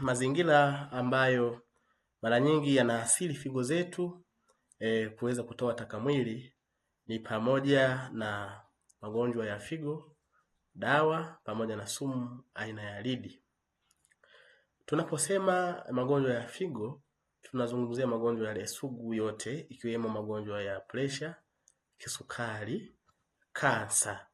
Mazingira ambayo mara nyingi yanaathiri figo zetu e, kuweza kutoa taka mwili ni pamoja na magonjwa ya figo, dawa pamoja na sumu aina ya lidi. Tunaposema magonjwa ya figo, tunazungumzia magonjwa yale sugu yote ikiwemo magonjwa ya presha, kisukari, kansa.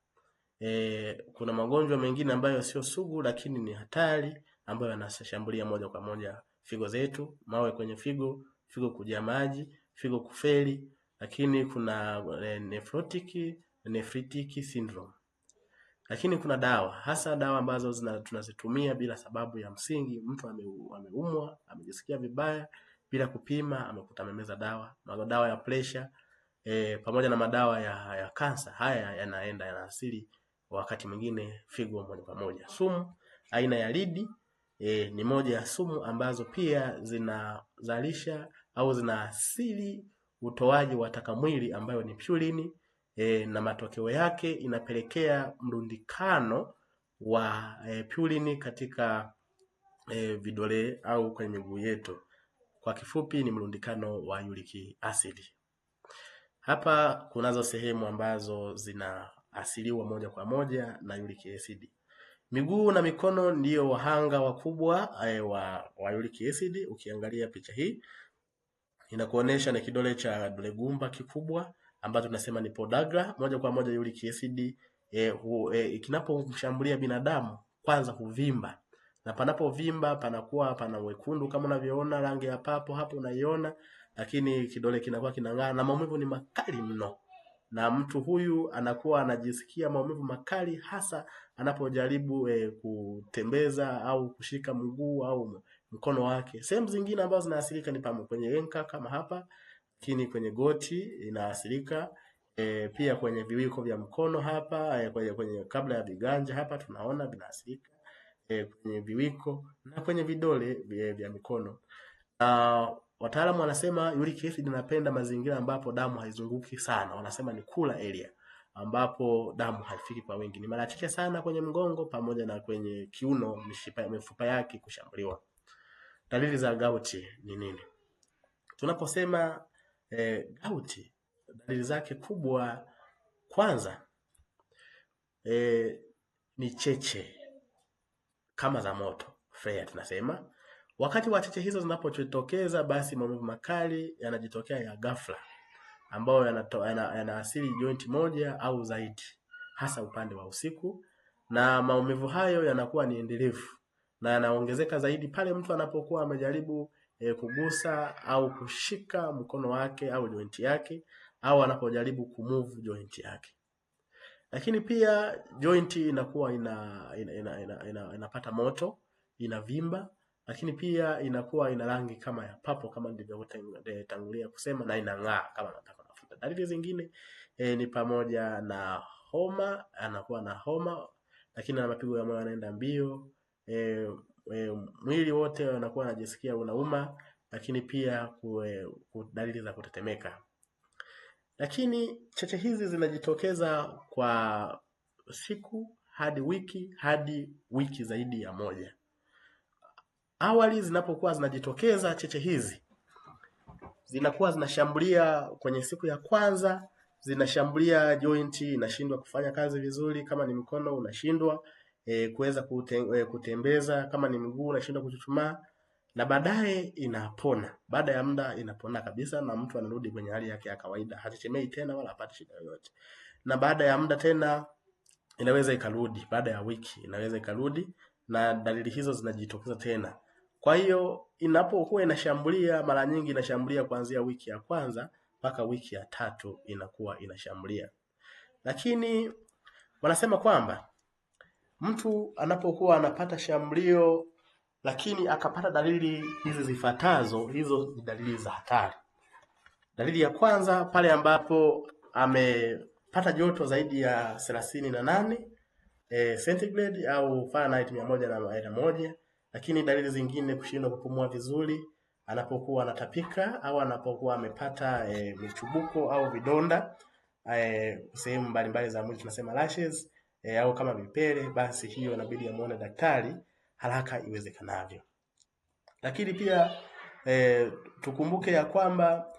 E, kuna magonjwa mengine ambayo sio sugu lakini ni hatari ambayo yanashambulia moja kwa moja figo zetu, mawe kwenye figo, figo kujaa maji, figo kufeli. Lakini kuna eh, nephrotic nephritic syndrome. Lakini kuna dawa hasa dawa ambazo zina, tunazitumia bila sababu ya msingi. Mtu ameumwa, amejisikia vibaya bila kupima, amekuta amemeza dawa, madawa ya pressure e, pamoja na madawa ya, ya kansa. Haya yanaenda yanaasili wakati mwingine figo moja kwa moja. Sumu aina ya lidi e, ni moja ya sumu ambazo pia zinazalisha au zinaasili utoaji wa taka mwili ambayo ni purine e, na matokeo yake inapelekea mrundikano wa e, purine katika e, vidole au kwenye miguu yetu. Kwa kifupi ni mrundikano wa uric acid. Hapa kunazo sehemu ambazo zinaasiliwa moja kwa moja na uric acid. Miguu na mikono ndiyo wahanga wakubwa eh, wa wa uric acid. Ukiangalia picha hii inakuonesha na kidole cha dole gumba kikubwa ambacho tunasema ni podagra. Moja kwa moja uric acid e, eh, e, eh, kinapomshambulia binadamu kwanza huvimba, na panapovimba panakuwa pana wekundu kama unavyoona rangi ya papo hapo unaiona, lakini kidole kinakuwa kinang'aa na maumivu ni makali mno na mtu huyu anakuwa anajisikia maumivu makali hasa anapojaribu e, kutembeza au kushika mguu au mkono wake. Sehemu zingine ambazo zinaathirika ni pamoja kwenye enka kama hapa, lakini kwenye goti inaathirika e, pia kwenye viwiko vya mkono hapa e, kwenye, kwenye kabla ya viganja hapa tunaona vinaathirika e, kwenye viwiko na kwenye vidole vya mikono. Uh, ah, Wataalamu wanasema uric acid inapenda mazingira ambapo damu haizunguki sana, wanasema ni cooler area ambapo damu haifiki kwa wingi. Ni mara chache sana kwenye mgongo pamoja na kwenye kiuno, mishipa mifupa yake kushambuliwa. Dalili za gauti ni nini? Tunaposema eh, gauti, dalili zake kubwa kwanza eh, ni cheche kama za moto, fire tunasema Wakati wa hizo zinapojitokeza, basi maumivu makali yanajitokea ya ghafla ambayo yanaasili yana, yana joint moja au zaidi, hasa upande wa usiku, na maumivu hayo yanakuwa ni endelevu na yanaongezeka zaidi pale mtu anapokuwa amejaribu e, kugusa au kushika mkono wake au joint yake au anapojaribu kumove joint yake. Lakini pia joint inakuwa ina, ina, ina, ina, ina, inapata moto, inavimba lakini pia inakuwa ina rangi kama ya papo kama nilivyotangulia kusema na inang'aa kama nataka mafuta. Dalili zingine e, ni pamoja na homa, anakuwa na homa lakini ana mapigo ya moyo yanaenda mbio e, e, mwili wote anakuwa anajisikia unauma, lakini pia kue, dalili za kutetemeka. Lakini cheche hizi zinajitokeza kwa siku hadi wiki hadi wiki zaidi ya moja awali zinapokuwa zinajitokeza cheche hizi zinakuwa zinashambulia kwenye siku ya kwanza, zinashambulia joint, inashindwa kufanya kazi vizuri. Kama ni mkono unashindwa e, kuweza kute, e, kutembeza. Kama ni mguu unashindwa kuchuchumaa, na baadaye inapona. Baada ya muda inapona kabisa, na mtu anarudi kwenye hali yake ya kawaida, hachechemei tena wala hapati shida yoyote. Na baada ya muda tena inaweza ikarudi, baada ya wiki inaweza ikarudi, na dalili hizo zinajitokeza tena. Kwa hiyo inapokuwa inashambulia, mara nyingi inashambulia kuanzia wiki ya kwanza mpaka wiki ya tatu inakuwa inashambulia. Lakini wanasema kwamba mtu anapokuwa anapata shambulio lakini akapata dalili hizi zifuatazo, hizo ni dalili za hatari. Dalili ya kwanza, pale ambapo amepata joto zaidi ya thelathini na nane e, centigrade au Fahrenheit mia moja na moja lakini dalili zingine, kushindwa kupumua vizuri anapokuwa anatapika au anapokuwa amepata e, michubuko au vidonda e, sehemu mbalimbali za mwili tunasema rashes e, au kama vipele, basi hiyo inabidi amuone daktari haraka iwezekanavyo. Lakini pia e, tukumbuke ya kwamba